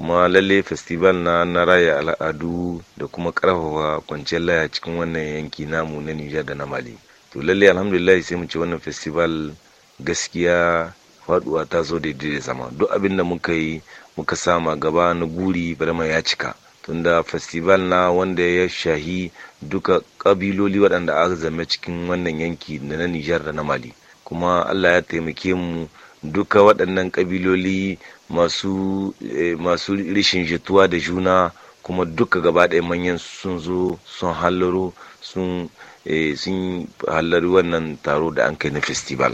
kuma lalle festival na na raya al'adu da kuma karfafa kwanciyar laya cikin wannan yanki namu na Nijar da na Mali to lalle alhamdulillah sai mu ce wannan festival gaskiya faduwa ta zo daidai da zama duk abin da muka yi muka sama gaba na guri barama ya cika tunda festival na wanda ya shahi duka kabiloli waɗanda aka zama cikin wannan yanki na Nijar da na Mali kuma Allah ya taimake mu duka waɗannan ƙabiloli eh, masu rishin jituwa da juna kuma duka gaba ɗaya manyan sun zo sun hallaro sun eh, hallari wannan taro da an kai na festival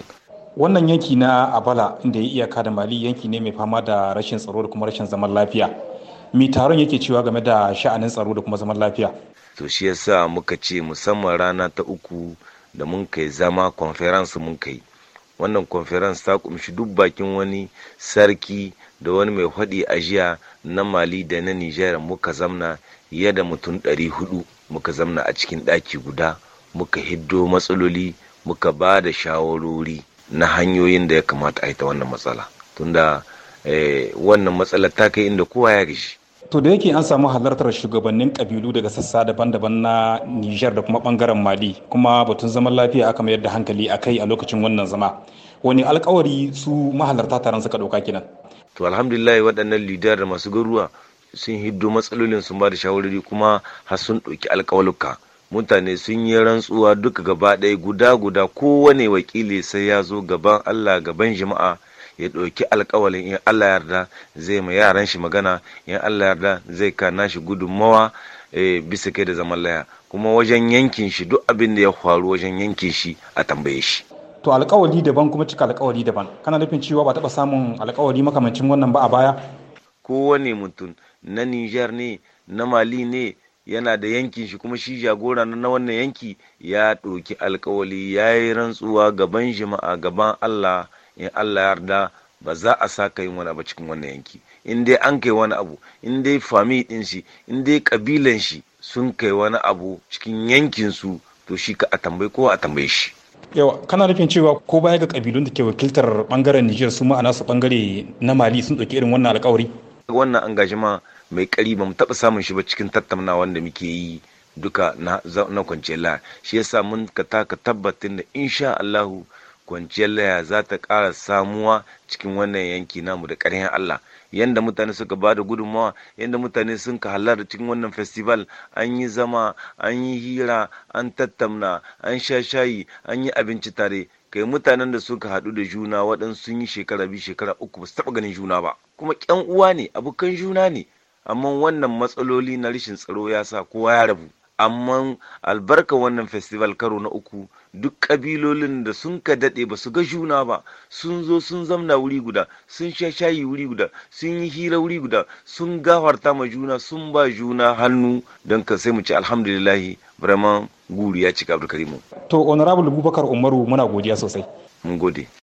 wannan yanki na abala inda ya iyaka da mali yanki ne mai fama da rashin tsaro da kuma rashin zaman lafiya mi taron yake cewa game da sha'anin tsaro da kuma zaman lafiya to shi yasa muka ce musamman rana ta uku da mun kai zama conference mun kai wannan conference ta kumshi duk bakin wani sarki da wani mai faɗi a jiya na mali da na nijar muka zamna ya da mutum ɗari hudu muka zamna a cikin ɗaki guda muka hiddo matsaloli muka ba da shawarori na hanyoyin da ya kamata a yi ta wannan matsala tunda eh, wannan matsala ta kai inda kowa ya gashi to da yake an samu halartar shugabannin kabilu daga sassa daban-daban na nijar da kuma bangaren mali kuma batun zaman lafiya aka mayar da hankali a kai a lokacin wannan zama wani alkawari su mahalarta taron suka dauka kenan to alhamdulillah waɗannan lidar da masu garuwa sun hiddo matsalolin sun ba da shawarwari kuma har sun ɗauki alkawaluka mutane sun yi rantsuwa duka gaba ɗaya guda guda kowane wakili sai ya zo gaban allah gaban jama'a ya ɗauki alkawalin in Allah yarda zai ma yaran shi magana in Allah yarda zai kana shi gudunmawa eh, bisa kai da zaman laya kuma wajen yankin shi duk abin da ya faru wajen yankin shi a tambaye shi to alkawali daban kuma cika alkawali daban kana nufin cewa ba taɓa samun alkawali makamancin wannan ba a baya kowane mutum na Nijar ne na Mali ne yana da yankin shi kuma shi jagora na wannan yanki ya ɗauki alkawali ya yi rantsuwa gaban jima'a gaban Allah in Allah ya yarda ba za a saka yin wani abu cikin wannan yanki in dai an kai wani abu in dai fami din shi in dai kabilan shi sun kai wani abu cikin yankin su to shi ka a tambayi ko a tambaye shi yawa kana nufin cewa ko baya ga kabilun da ke wakiltar bangaren Nijar su ma'ana su bangare na Mali sun ɗauki irin wannan alkawari wannan angajima mai kari ba mu taɓa samun shi ba cikin tattauna wanda muke yi duka na kwanciyar shi yasa mun ka ka tabbatin da insha Allahu kwanciyar laya za ta ƙara samuwa cikin wannan yanki namu da ƙarhin Allah yadda mutane suka ba da gudunmawa yadda mutane sun ka halar cikin wannan festival an yi zama an yi hira an tattamna an sha shayi an yi abinci tare kai mutanen da suka haɗu da juna waɗansu sun yi shekara biyu shekara uku ba su taɓa ganin juna ba kuma ƙyan uwa ne abokan juna ne amma wannan matsaloli na rashin tsaro ya sa kowa ya rabu amma albarka wannan festival karo na uku duk kabilolin da sun ka daɗe ba su ga juna ba sun zo sun zamna wuri guda sun sha shayi wuri guda sun yi hira wuri guda sun gafarta ma juna sun ba juna hannu don ka sai mu ci alhamdulillahi vraiment guri ya cika abdulkarimu to honorable bubakar umaru muna godiya sosai mun gode